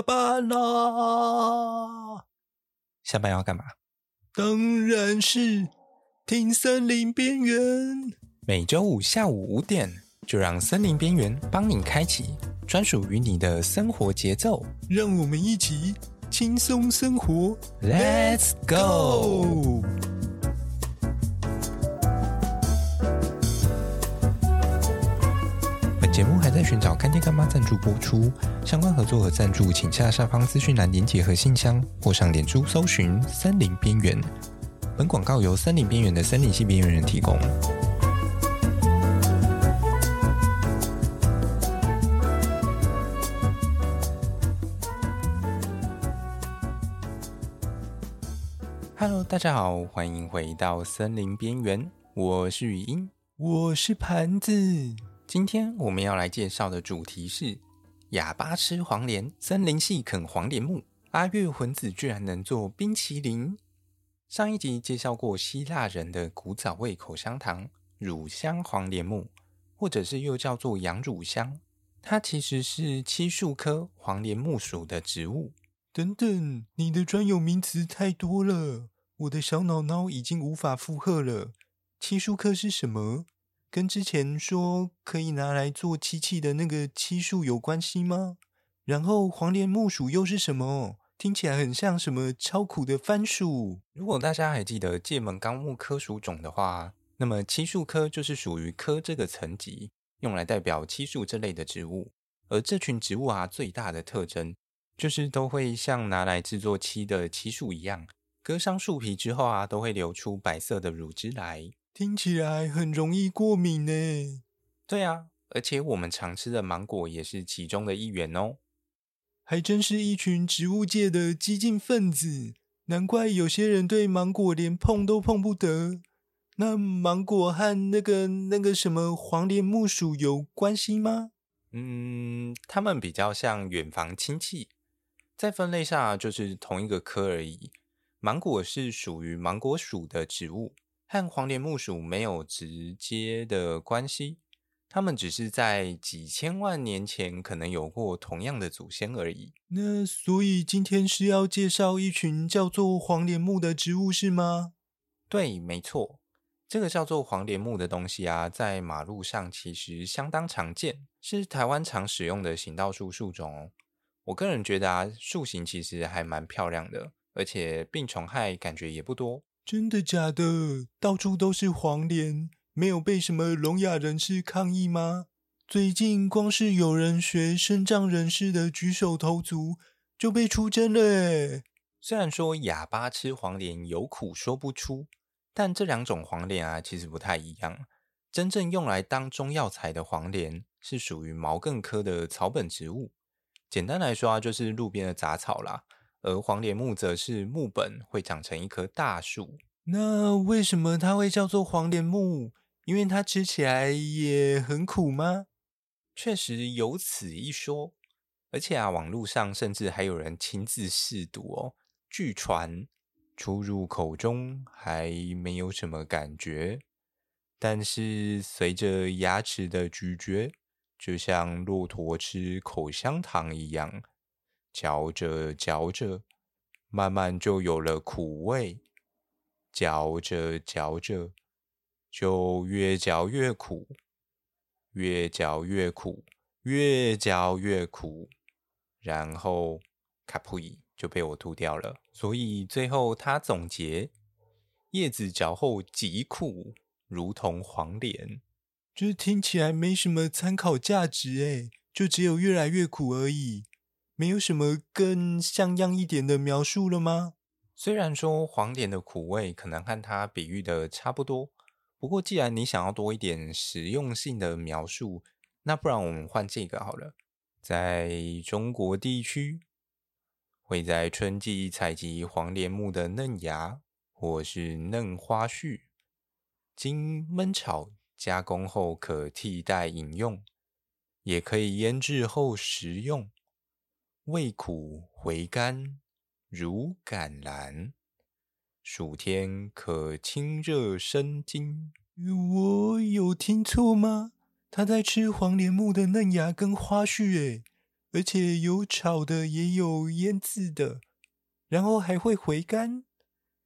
下班了，下班要幹嘛？當然是聽森林邊緣。每周五下午五點，就讓森林邊緣幫你開啟專屬於你的生活節奏，讓我們一起輕鬆生活。Let's go！尋找乾爹乾媽贊助播出，相關，合作和贊助，請下下方資訊欄連結和信箱，或上臉書搜尋“森林邊緣”。本廣告由“森林邊緣”的森林系邊緣人提供。Hello，大家好，歡迎回到“森林邊緣”，我是雨音，我是盤子。今天我們要來介紹的主題是啞巴吃黃連，森林系啃黃連木。阿月渾子居然能做冰淇淋。上一集介紹過希臘人的古早味口香糖乳香黃連木，或者是又叫做羊乳香，它其實是漆樹科黃連木屬的植物。等等，你的專有名詞太多了，我的小腦腦已經無法負荷了。漆樹科是什麼？跟之前說可以拿來做漆器的那個漆樹有關係嗎？然後黃連木屬又是什麼？聽起來很像什麼超苦的番薯。如果大家還記得《界門綱目科屬種》的話，那麼漆樹科就是屬於科這個層級，用來代表漆樹這類的植物。而這群植物啊，最大的特徵就是都會像拿來製作漆的漆樹一樣，割傷樹皮之後啊，都會流出白色的乳汁來。聽起來很容易過敏呢？對啊，而且我們常吃的芒果也是其中的一員哦。還真是一群植物界的激進分子，難怪有些人對芒果連碰都碰不得。那芒果和那個那個什麼黃連木屬有關係嗎？嗯，他們比較像遠房親戚，在分類上就是同一個科而已。芒果是屬於芒果屬的植物。和黃連木屬沒有直接的關係，他們只是在幾千萬年前可能有過同樣的祖先而已。那所以今天是要介紹一群叫做黃連木的植物是嗎？對，沒錯，這個叫做黃連木的東西啊，在馬路上其實相當常見，是台灣常使用的行道樹樹種哦。我個人覺得啊，樹形其實還蠻漂亮的，而且病蟲害感覺也不多。真的假的？到處都是黃連，沒有被什麼聾啞人士抗議嗎？最近光是有人學身障人士的舉手投足，就被出征了欸。雖然說啞巴吃黃連有苦說不出，但這兩種黃連啊，其實不太一樣。真正用來當中藥材的黃連，是屬於毛茛科的草本植物。簡單來說啊，就是路邊的雜草啦。而黃連木則是木本，會長成一棵大樹那為什麼它會叫做黃連木？因為它吃起來也很苦嗎？確實有此一說。而且啊，網路上甚至還有人親自試毒哦。據傳出入口中還沒有什麼感覺，但是隨着牙齒的咀嚼，就像駱駝吃口香糖一樣。嚼着嚼着，慢慢就有了苦味。嚼着嚼着，就越嚼越苦，越嚼越苦，越嚼越苦，越嚼越苦，然後卡普伊就被我吐掉了。所以最後他總結：葉子嚼後極苦，如同黃連。這聽起來沒什麼參考價值哎，就只有越來越苦而已。沒有什麼更像樣一點的描述了嗎？雖然說黃連的苦味可能和它比喻的差不多，不過既然你想要多一點實用性的描述，那不然我們換這個好了。在中國地區，會在春季採集黃連木的嫩芽或是嫩花序，經燜炒加工後可替代飲用，也可以醃制後食用。味苦回甘，如橄欖，暑天可清熱生津。我有聽錯嗎？他在吃黃連木的嫩芽跟花序，哎，而且有炒的也有醃漬的，然後還會回甘。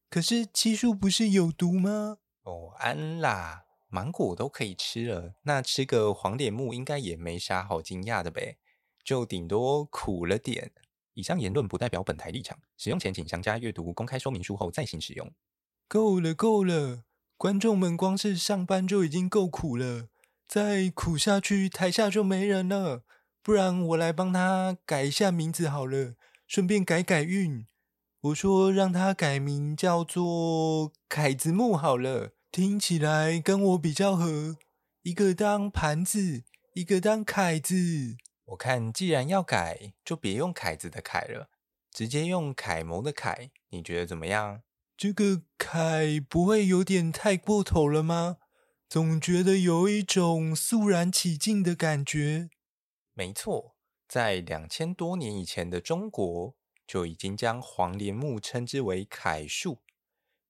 可是漆樹不是有毒嗎？哦，安啦，芒果都可以吃了，那吃個黃連木應該也沒啥好驚訝的唄。就頂多苦了點。以上言論不代表本台立場，使用前請詳加閱讀公開說明書後再行使用。夠了夠了，觀眾們光是上班就已經夠苦了，再苦下去台下就沒人了。不然我來幫他改一下名字好了，順便改改運。我說讓他改名叫做凱子木好了，聽起來跟我比較合。一個當盤子，一個當凱子。我看，既然要改，就別用楷字的楷了，直接用楷模的楷。你覺得怎麼樣？這個“楷”不會有點太過頭了嗎？總覺得有一種肅然起敬的感覺。沒錯，在兩千多年以前的中國，就已經將黃連木稱之為“楷樹”，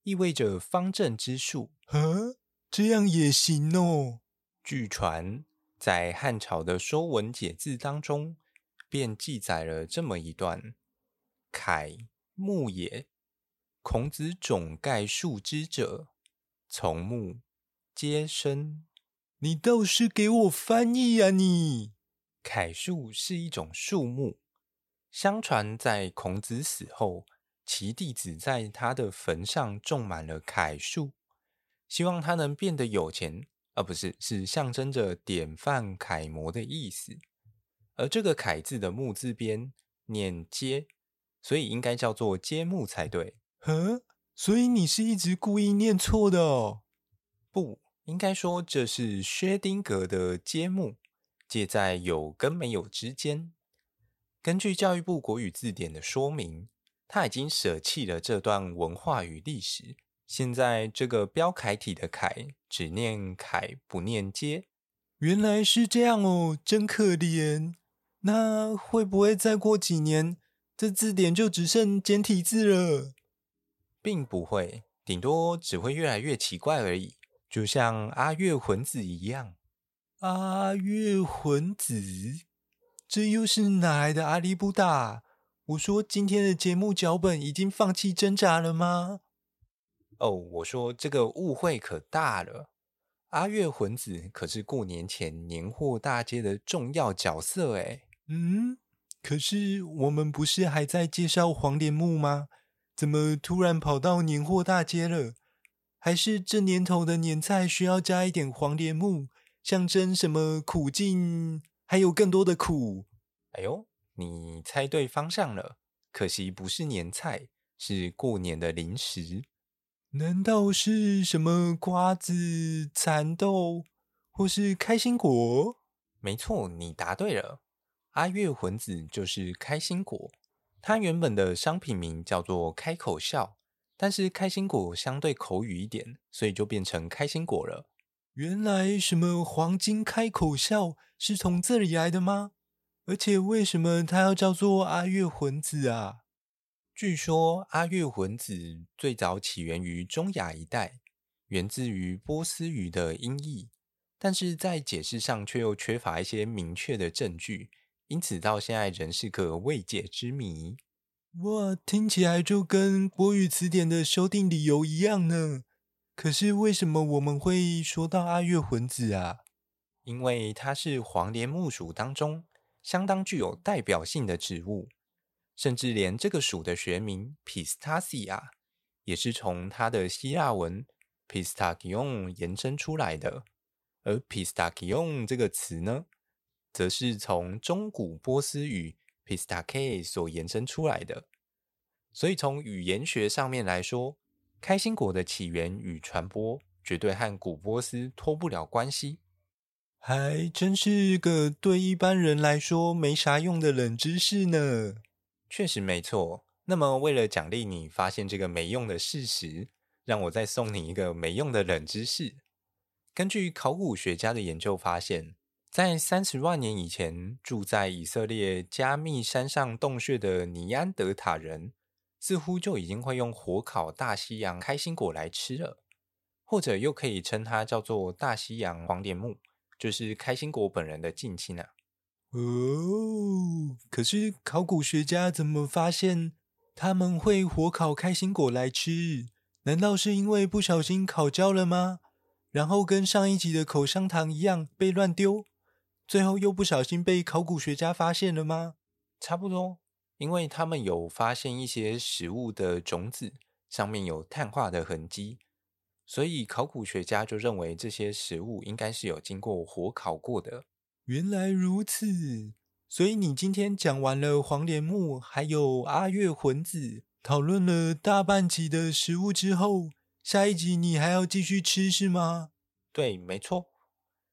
意味着方正之樹。呵、啊，這樣也行哦。據傳。在漢朝的《說文解字》當中，便記載了這麼一段：“楷木也，孔子種蓋樹之者，從木，皆生。”你倒是給我翻譯啊你！楷樹是一種樹木，相傳在孔子死後，其弟子在他的墳上種滿了楷樹，希望他能變得有錢。而、啊、不是，是象徵着典範楷模的意思。而這個“楷”字的木字邊念“階”，所以應該叫做“階木”才對。呵，所以你是一直故意念錯的哦。不，應該說這是薛丁格的接“階木”，介在有跟沒有之間。根據教育部國語字典的說明，他已經捨棄了這段文化與歷史。現在這個標楷體的“楷”只念“楷”不念“階”。原來是這樣哦，真可憐。那會不會再過幾年，這字典就只剩簡體字了？並不會，頂多只會越來越奇怪而已。就像阿月渾子一樣。阿、啊、月渾子，這又是哪來的阿里不達？我說今天的節目腳本已經放棄掙扎了嗎？哦，我說這個誤會可大了。阿月渾子可是過年前年貨大街的重要角色哎。嗯，可是我們不是還在介紹黃連木嗎？怎麼突然跑到年貨大街了？還是這年頭的年菜需要加一點黃連木，象徵什麼苦盡還有更多的苦？哎呦，你猜對方向了，可惜不是年菜，是過年的零食。難道是什麼瓜子、蠶豆，或是開心果？沒錯，你答對了。阿月渾子就是開心果，它原本的商品名叫做“開口笑”，但是開心果相對口語一點，所以就變成開心果了。原來什麼黃金開口笑是從這裡來的嗎？而且為什麼它要叫做阿月渾子啊？據說阿月渾子最早起源於中亞一帶，源自於波斯語的音譯，但是在解釋上卻又缺乏一些明確的證據，因此到現在仍是個未解之謎。哇，聽起來就跟國語詞典的修訂理由一樣呢。可是為什麼我們會說到阿月渾子啊？因為它是黃連木屬當中相當具有代表性的植物。甚至連這個屬的學名 Pistacia 也是從它的希臘文 Pistachion 延伸出來的，而 Pistachion 這個詞呢，則是從中古波斯語 Pistake 所延伸出來的。所以從語言學上面來說，開心果的起源與傳播絕對和古波斯脫不了關係。還真是個對一般人來說沒啥用的冷知識呢。確實沒錯。那麼，為了獎勵你發現這個沒用的事實，讓我再送你一個沒用的冷知識。根據考古學家的研究發現，在三十萬年以前，住在以色列加密山上洞穴的尼安德塔人，似乎就已經會用火烤大西洋開心果來吃了，或者又可以稱它叫做大西洋黃連木，就是開心果本人的近親啊。哦，可是考古學家怎麼發現他們會火烤開心果來吃？難道是因為不小心烤焦了嗎？然後跟上一集的口香糖一樣被亂丟，最後又不小心被考古學家發現了嗎？差不多，因為他們有發現一些食物的種子，上面有碳化的痕跡，所以考古學家就認為這些食物應該是有經過火烤過的。原來如此，所以你今天講完了黃連木，還有阿月渾子，討論了大半集的食物之後，下一集你還要繼續吃是嗎？對，沒錯。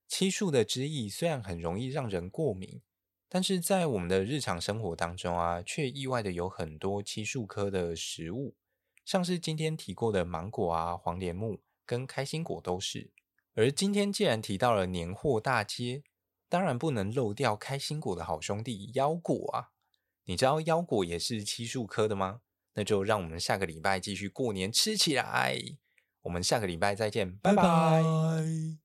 漆樹的汁液雖然很容易讓人過敏，但是在我們的日常生活當中啊，卻意外的有很多漆樹科的食物，像是今天提過的芒果啊、黃連木跟開心果都是。而今天既然提到了年貨大街，當然不能漏掉開心果的好兄弟腰果啊！你知道腰果也是漆樹科的嗎？那就讓我們下個禮拜繼續過年吃起來。我們下個禮拜再見，拜拜。拜拜。